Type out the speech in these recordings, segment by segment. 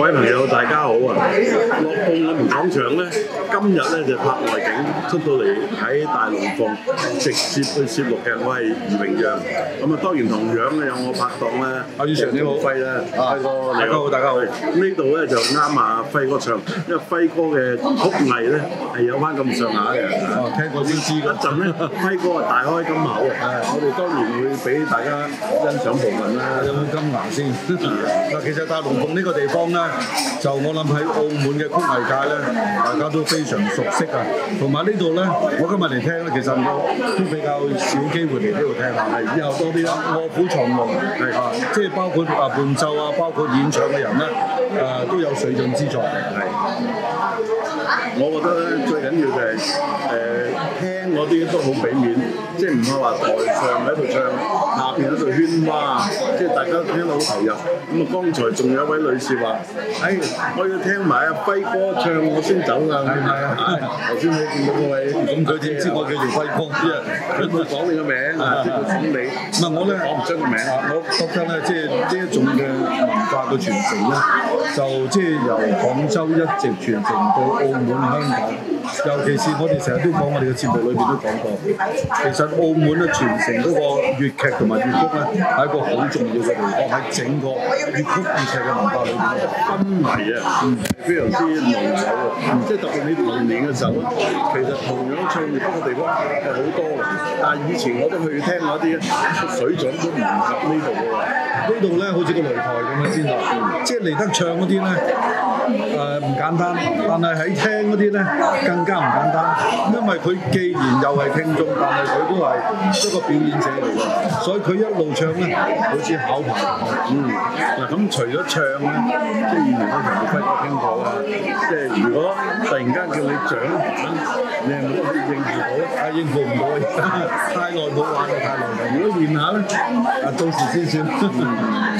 各位朋友，大家好啊！樂報我們講場咧，今日咧就拍外景，出到嚟喺大龍鳳直接去攝錄嘅。我係吳明揚，咁啊當然同樣咧有我拍檔咧，阿宇翔、阿阿輝啦，輝哥大家好，大家好。咁呢度咧就啱啊，輝哥唱，因為輝哥嘅曲藝咧係有翻咁上下嘅。哦，聽過先知嗰陣咧，輝哥係大開金口啊！我哋當然會俾大家欣賞部分啦，有冇金牙先？嗱，其實大龍鳳呢個地方咧。就我諗喺澳門嘅曲藝界咧，大家都非常熟悉啊。同埋呢度咧，我今日嚟聽咧，其實都都比較少機會嚟呢度聽下，係以後多啲啦。臥虎藏龍係啊，即係包括啊伴奏啊，包括演唱嘅人咧，誒、啊、都有水準之作係，啊、我覺得最緊要就係誒。呃我啲都好俾面，即係唔係話台上喺度唱，下邊喺度喧譁，即係大家聽到好投入。咁啊，剛才仲有一位女士話：誒、哎，我要聽埋阿輝哥唱，我先走喇。係、哎、係，頭先你見到位？咁佢點知我叫做輝哥？即係佢會講你個名，即係講你。唔係我咧，講唔出個名。我覺得咧，即係呢一種嘅文化嘅傳承咧，就即係由廣州一直傳承到澳門、香港。尤其是我哋成日都講，我哋嘅節目裏邊都講過，其實澳門啊，傳承嗰個粵劇同埋粵曲咧，係一個好重要嘅地方喺整個粵曲粵劇嘅文化裏邊，氛圍啊，非常之濃厚啊，即係特別你年年嘅時候，其實同樣唱粵曲嘅地方係好多嘅，但係以前我都去聽嗰啲水準都唔及這裏這裏呢度嘅喎，呢度咧好似個擂台咁樣先，即係嚟得唱嗰啲咧。誒、呃、唔簡單，但係喺聽嗰啲咧更加唔簡單，因為佢既然又係聽眾，但係佢都係一個表演者嚟，所以佢一路唱咧好似考牌。嗯，嗱、嗯、咁除咗唱咧、嗯，即係以前都同你聽過啦，即係如果突然間叫你掌、嗯、你係唔可以應付到，啊應付唔到，太耐冇玩就太耐啦。如果練下咧，啊到時先算。嗯呵呵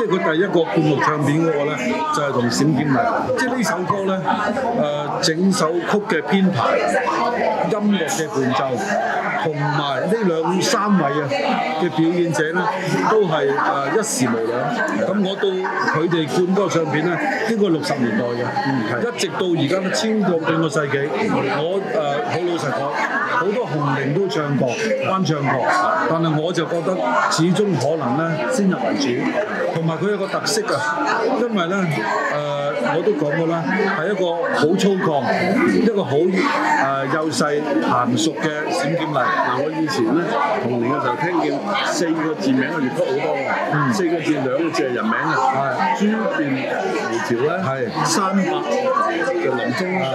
即係佢第一個灌錄唱片嗰個咧，就係同冼劍麗。即係呢首歌咧，誒、呃、整首曲嘅編排、音樂嘅伴奏，同埋呢兩三位啊嘅表演者咧，都係誒、呃、一時無兩。咁我到佢哋灌嗰個唱片咧，應該六十年代嘅，一直到而家都超過半個世紀。我誒好、呃、老實講，好多紅伶都唱過、翻唱過，但係我就覺得始終可能咧先入為主。同埋佢有，有個特色啊，因為咧誒、呃、我都講過啦，係一個好粗獷，一個好誒、呃、幼細嫻熟嘅小劍麗。嗱、嗯，我以前咧童年嘅時候聽見四個字名嘅粵曲好多嘅、嗯，四個字兩個字係人名嘅，係朱弁回朝咧，係山伯就是、臨終啊、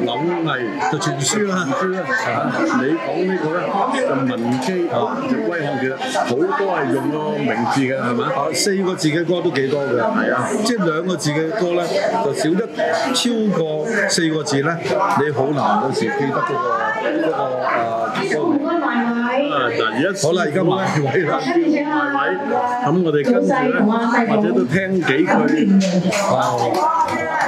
柳毅就傳書啦、啊，朱啦吓，你講呢個咧就是、文姬啊，就歸漢住啦，好、啊、多係用個名字嘅係咪啊四個字嘅歌都幾多嘅，係啊，即兩個字嘅歌咧，就少得超過四個字咧，你好難有時記得嗰、嗰個嗰、嗰個啊、嗰個嗰個。啊，嗱，而家好啦，而家埋位啦，埋位，咁我哋跟住咧，或者都聽幾句。哦，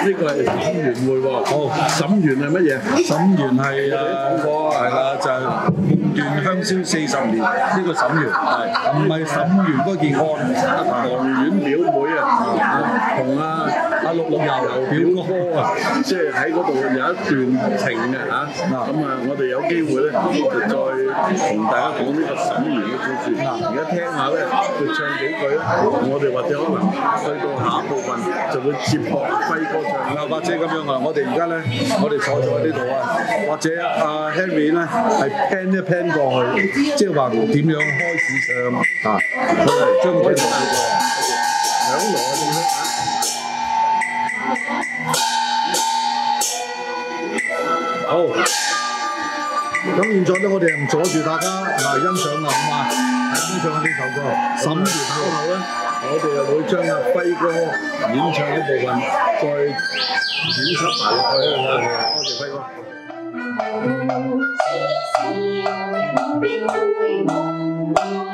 呢、呢個係審員會喎，好、哦，審員係乜嘢？審員係啊個係啦，就係、係。斷香消四十年，呢、這個沈園係唔係審完嗰件案？唐琬表妹啊，同、嗯、啊。六六油油表哥啊，即係喺嗰度有一段情嘅嚇，嗱咁啊，我哋有機會咧就再同大家講呢個史沿嘅故事嚇，而家聽下咧，佢唱幾句啊，我哋或者可能去到下一部分就會接駁阿輝哥唱啊，或者咁樣啊，我哋而家咧，我哋坐咗喺呢度啊，或者阿 Henry 咧係 plan 一 plan 過去，即係話點樣開始唱啊，係將唔將做到？現在呢，我哋唔阻住大家嚟欣賞啦，好嘛？喺欣賞呢首歌《十五月頭呢，我哋又會將阿輝哥演唱嘅部分再演出埋落去，多謝，謝輝哥。嗯嗯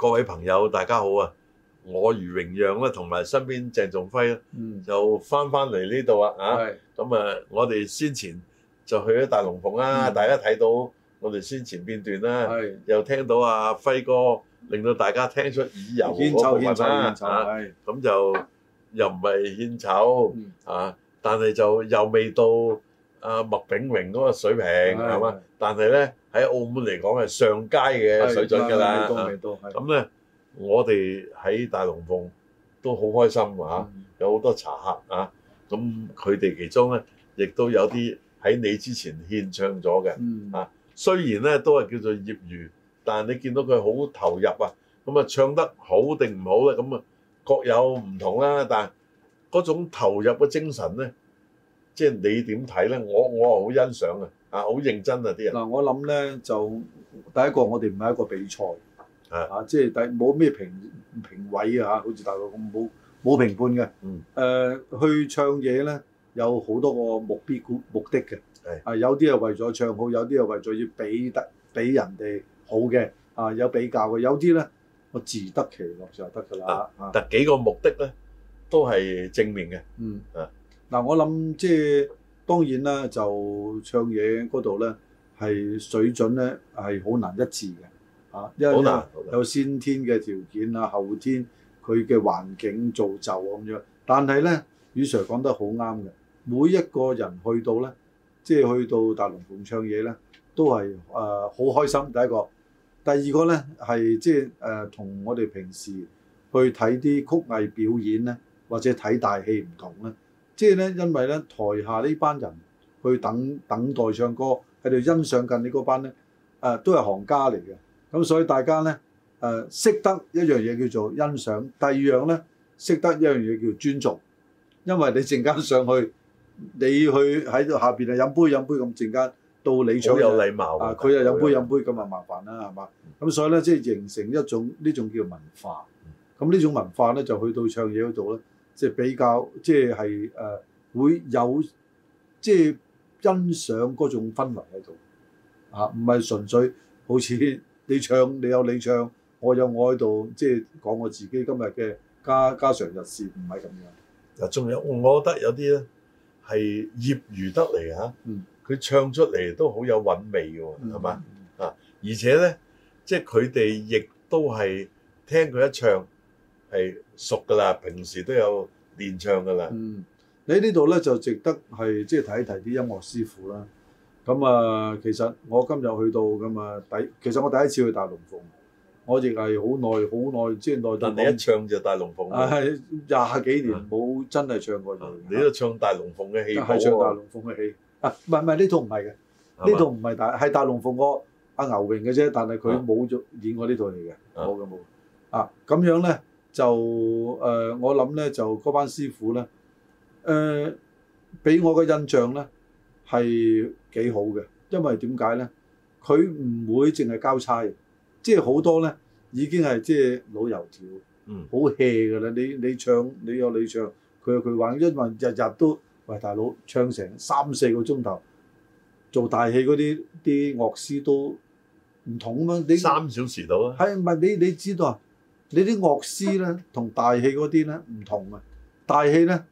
各位朋友，大家好啊！我余榮陽咧，同埋身邊鄭仲輝咧、嗯，就翻翻嚟呢度啊！啊，咁啊，我哋先前就去咗大龍鳳啦、嗯，大家睇到我哋先前片段啦，又聽到阿、啊、輝哥，令到大家聽出耳油嗰部分啦，咁、啊啊、就又唔係獻醜啊，但係就又未到。啊，麥炳榮嗰個水平係嘛？是的，是的，是的。但係咧，喺澳門嚟講係上佳嘅水準㗎啦。咁咧、啊，我哋喺大龍鳳都好開心啊！嗯、有好多茶客啊，咁佢哋其中咧亦都有啲喺你之前獻唱咗嘅、嗯、啊。雖然咧都係叫做業餘，但係你見到佢好投入啊，咁啊唱得好定唔好咧？咁啊各有唔同啦、啊，但係嗰種投入嘅精神咧。即係你點睇咧？我我係好欣賞嘅、啊，啊好認真啊啲人。嗱、啊、我諗咧就第一個，我哋唔係一個比賽，啊啊即係冇咩評評委啊嚇，好似大佬咁冇冇評判嘅。嗯。誒、呃、去唱嘢咧有好多個目標目的嘅。係。啊有啲係為咗唱好，有啲係為咗要比得比人哋好嘅。啊有比較嘅，有啲咧我自得其樂就得㗎啦。啊啊。但幾個目的咧都係正面嘅。嗯。啊。嗱、就是，我諗即係當然啦，就唱嘢嗰度咧，係水準咧係好難一致嘅嚇，因為有先天嘅條件啊，後天佢嘅環境造就啊咁樣。但係咧，雨 Sir 講得好啱嘅，每一個人去到咧，即、就、係、是、去到大龍門唱嘢咧，都係誒好開心。第一個，第二個咧係即係誒同我哋平時去睇啲曲藝表演咧，或者睇大戲唔同咧。即係咧，因為咧台下呢班人去等等待唱歌，喺度欣賞緊你嗰班咧，誒、呃、都係行家嚟嘅。咁所以大家咧誒識得一樣嘢叫做欣賞，第二樣咧識得一樣嘢叫尊重。因為你陣間上去，你去喺度下邊啊飲杯飲杯咁陣間到你唱，好有禮貌啊！佢又飲杯飲杯咁啊麻煩啦，係嘛？咁所以咧即係形成一種呢種叫文化。咁呢種文化咧就去到唱嘢嗰度咧。即、係比較，即係誒會有即係欣賞嗰種氛圍喺度，嚇唔係純粹好似你唱你有你唱，我有我喺度，即、係講我自己今日嘅家家常日事，唔係咁樣。又仲有，我覺得有啲咧係業餘得嚟嚇，佢、嗯、唱出嚟都好有韻味㗎喎，係嘛啊？而且咧，即係佢哋亦都係聽佢一唱。係熟㗎啦，平時都有練唱㗎啦。嗯，你呢度咧就值得係即係睇一睇啲音樂師傅啦。咁啊，其實我今日去到咁啊，第其實我第一次去大龍鳳，我亦係好耐好耐耐到。但係一唱就大龍鳳。啊，係廿幾年冇真係唱過嘢。你都唱大龍鳳嘅戲。係唱大龍鳳嘅戲。啊，唔係唔係，呢套唔係嘅，呢套唔係大係大龍鳳哥阿牛榮嘅啫，但係佢冇做演過呢套嚟嘅，冇嘅冇。啊，咁樣咧。就誒、呃，我諗咧就嗰班師傅咧，誒、呃、俾我嘅印象咧係幾好嘅，因為點解咧？佢唔會淨係交差，即係好多咧已經係即係老油條，嗯，好 hea 㗎啦！你你唱你有你唱，佢有佢玩，因為日日都喂大佬唱成三四個鐘頭，做大戲嗰啲啲樂師都唔同啊！你三小時到啊？係唔係？你你知道啊？你啲樂師咧同大戲嗰啲咧唔同啊！大戲咧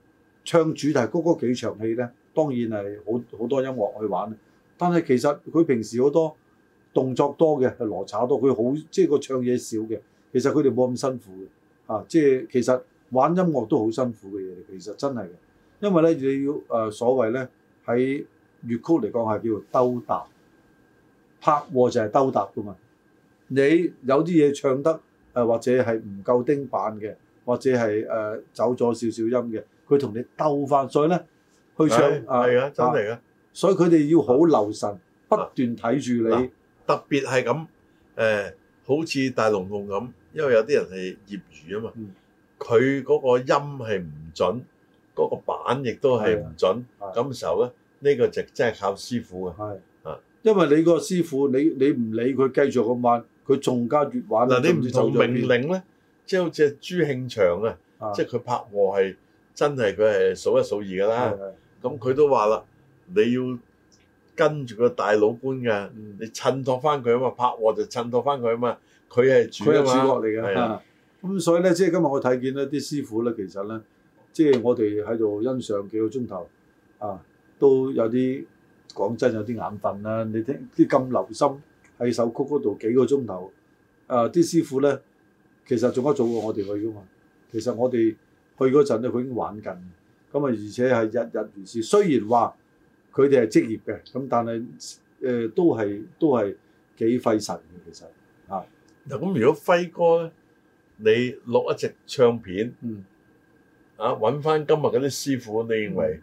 唱主題曲嗰幾場戲咧，當然係好好多音樂去玩。但係其實佢平時好多動作多嘅，羅炒多，佢好即係個唱嘢少嘅。其實佢哋冇咁辛苦嘅啊！即係其實玩音樂都好辛苦嘅嘢，其實真係嘅。因為咧你要誒、呃、所謂咧喺粵曲嚟講係叫做兜搭拍和就係兜搭㗎嘛。你有啲嘢唱得。誒或者係唔夠釘板嘅，或者係誒、呃、走咗少少音嘅，佢同你鬥翻，所以咧去唱係啊，係嘅真嚟啊。所以佢哋要好留神，不斷睇住你、啊。特別係咁誒，好似大龍鳳咁，因為有啲人係業餘啊嘛，佢、嗯、嗰個音係唔準，嗰、嗰個板亦都係唔準，咁時候咧呢、呢個就真係靠師傅嘅。係，因為你個師傅，你你唔理佢繼續咁慢。佢仲加越玩嗱，你唔知就命令咧？即係好似朱慶祥啊，啊即係佢拍和係真係佢係數一數二㗎啦。咁佢都話啦，你要跟住個大佬官㗎，嗯，你襯托翻佢啊嘛，拍和就襯托翻佢啊嘛。佢係主，佢係主角嚟㗎。咁、啊、所以咧，即係今日我睇見呢啲師傅咧，其實咧，即係我哋喺度欣賞幾個鐘頭啊，都有啲講真有啲眼瞓啦、啊。你聽啲咁留心。喺首曲嗰度幾個鐘頭，誒、啊、啲師傅咧，其實仲一早過我哋去噶嘛。其實我哋去嗰陣咧，佢已經玩緊。咁啊，而且係日日如是，雖然話佢哋係職業嘅，咁但係誒、呃、都係都係幾費神嘅其實。啊，嗱咁如果輝哥咧，你錄一隻唱片，嗯，啊揾翻今日嗰啲師傅，你認為、嗯、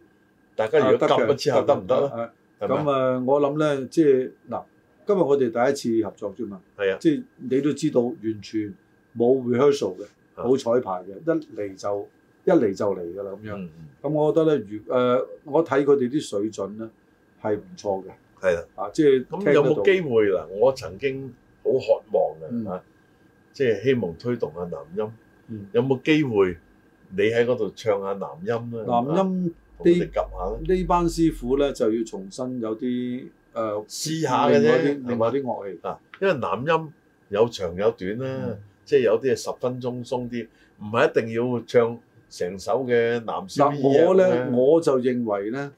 大家如果撳咗之後得唔得咧？咁啊，看看行行呢啊我諗咧，即係嗱。啊今日我哋第一次合作啫嘛，即係、啊就是、你都知道完全冇 rehearsal 嘅，冇、啊、彩排嘅，一嚟就一嚟就嚟㗎啦咁樣咁、嗯、我覺得咧，如、呃、我睇佢哋啲水準咧係唔錯嘅。係啦、啊，啊，即係咁有冇機會啦。我曾經好渴望嘅、嗯、啊，即、就、係、是、希望推動、啊南嗯、有有下南音。有冇機會你喺嗰度唱下南音咧？南音呢呢、啊、班師傅咧就要重新有啲。誒、呃、試下嘅啫，另外啲樂器嗱，因為男音有長有短啦、啊嗯，即係有啲係十分鐘鬆啲，唔係一定要唱成首嘅男聲嗱、啊嗯，我咧我就認為咧，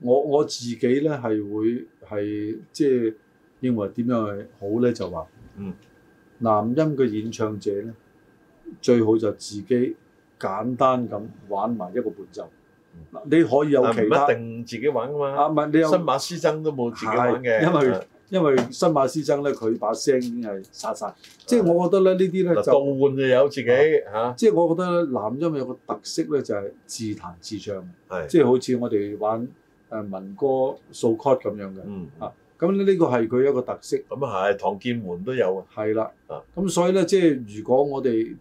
我我自己咧係會係即係認為點樣係好咧，就話嗯，男音嘅演唱者咧最好就自己簡單咁玩埋一個伴奏。你可以有其他，唔一定自己玩噶嘛。啊，唔係你有新馬師曾都冇自己玩嘅，因為、啊、因為新馬師曾咧，佢把聲已經係沙曬、啊。即係我覺得咧，呢啲咧就盜換就有自己嚇、啊啊。即係我覺得咧，南音有個特色咧，就係、是、自彈自唱。係，即係好似我哋玩誒民、呃、歌數 cut 咁樣嘅。嗯啊，咁呢個係佢一個特色。咁啊係，唐建門都有啊。係啦。啊，咁所以咧，即係如果我哋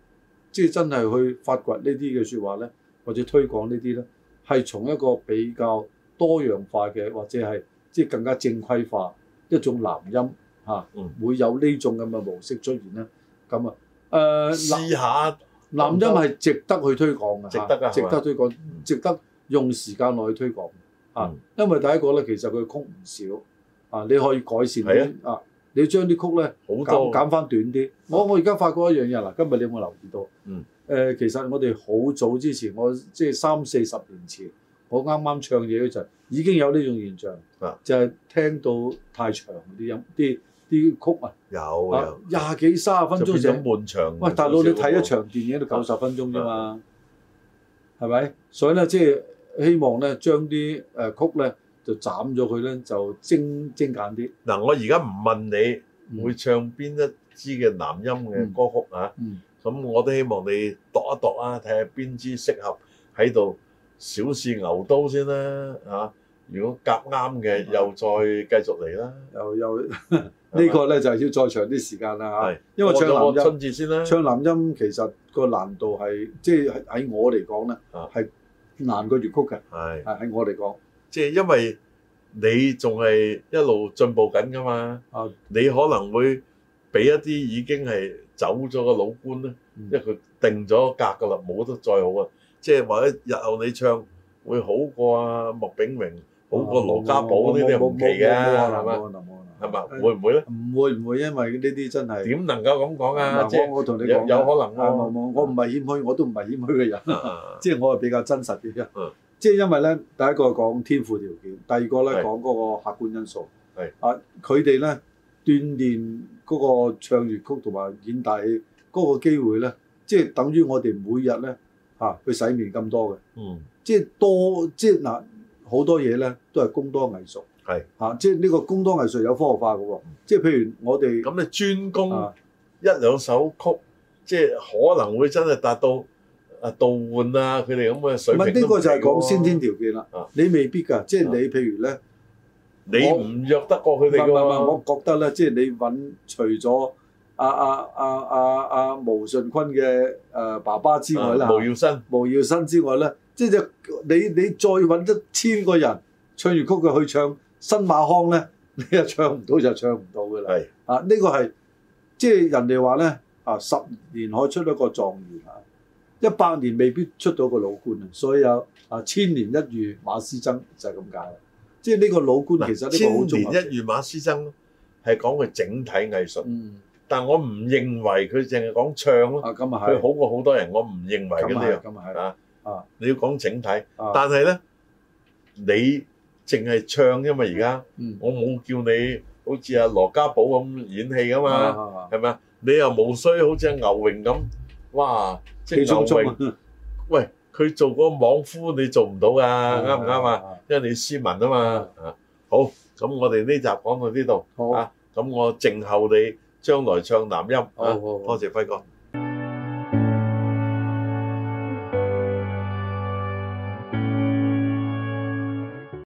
即係真係去發掘呢啲嘅説話咧，或者推廣呢啲咧。係從一個比較多樣化嘅，或者係即係更加正規化的一種男音嚇、嗯啊，會有呢種咁嘅模式出現咧。咁啊，誒、呃，試下男，男音係值得去推廣嘅，值得嘅、啊，值得推廣、嗯，值得用時間落去推廣嚇、啊嗯。因為第一個咧，其實佢曲唔少啊，你可以改善啲啊，啊，你將啲曲咧減減翻短啲、嗯。我我而家發覺一樣嘢啦，今日你有冇留意到？嗯。誒、呃，其實我哋好早之前，我即係三四十年前，我啱啱唱嘢嗰陣，已經有呢種現象，啊、就係、是、聽到太長啲音，啲啲曲啊，有啊有廿幾三十分鐘就成滿場、那個，喂，大佬你睇一場電影都九十分鐘啫嘛，係、啊、咪？所以咧，即係希望咧，將啲誒曲咧就斬咗佢咧，就精精簡啲。嗱、啊，我而家唔問你、嗯、會唱邊一支嘅南音嘅歌曲啊？嗯嗯咁我都希望你度一度啊，睇下邊支適合喺度小試牛刀先啦、啊、嚇、啊。如果夾啱嘅，又再繼續嚟啦、啊。又又、這個、呢個咧就係要再長啲時間啦嚇。因為唱南音我我春節先啦、啊。唱南音其實個難度係即係喺我嚟講咧係難過粵曲嘅。係喺我嚟講，即、就、係、是、因為你仲係一路進步緊㗎嘛的。你可能會。俾一啲已經係走咗嘅老官咧、嗯，因為佢定咗格噶啦，冇得再好啊！即係或者日後你唱會好過啊，麥炳榮、啊、好過家、啊、羅家寶、啊啊啊啊啊、呢啲係唔奇嘅，係咪？係會唔會咧？唔會唔會，因為呢啲真係點能夠咁講啊,啊,啊,啊,啊,啊？即係我同你講，有可能咯。我唔係謙虛，我都唔係謙虛嘅人，即係我係比較真實嘅啫、啊。即係因為咧，第一個講天賦條件，第二個咧講嗰個客觀因素。係啊，佢哋咧鍛鍊。嗰、那個唱粵曲同埋演大戲嗰個機會咧，即、就、係、是、等於我哋每日咧嚇去洗面咁多嘅，嗯即多，即係、啊、多即係嗱好多嘢咧都係工多藝熟，係嚇、啊，即係呢個工多藝熟有科學化嘅喎，嗯、即係譬如我哋咁你專攻一兩首曲，啊、即係可能會真係達到啊度換啊佢哋咁嘅水平。呢個就係講先天條件啦、啊，你未必㗎，即係你譬如咧。你唔約得過佢哋㗎嘛！我覺得咧，即係你揾除咗阿阿阿阿阿毛舜坤嘅誒爸爸之外啦，毛耀新，毛耀新之外咧，即係你你再揾一千個人唱粵曲嘅去唱新馬腔咧，你又唱唔到就唱唔到㗎啦。係啊，呢個係即係人哋話咧啊，十年可出一個狀元，一百年未必出到個老倌啊，所以有啊千年一遇馬師曾就係咁解。即係呢個老官其實啊！千年一遇馬師曾咯，係講佢整體藝術。嗯，但我唔認為佢淨係講唱咯。咁、啊、佢好過好多人，我唔認為嘅你啊。咁啊啊，你要講整體。啊、但係咧、啊，你淨係唱，因為而家我冇叫你好似阿羅家寶咁演戲㗎嘛，係咪啊？你又無需好似阿牛榮咁，哇！即係牛、啊、喂，佢做個莽夫，你做唔到㗎，啱唔啱啊？對因為你要斯文啊嘛，嗯，好，咁我哋呢集講到呢度啊，咁我靜候你將來唱南音，好好好，多謝輝哥。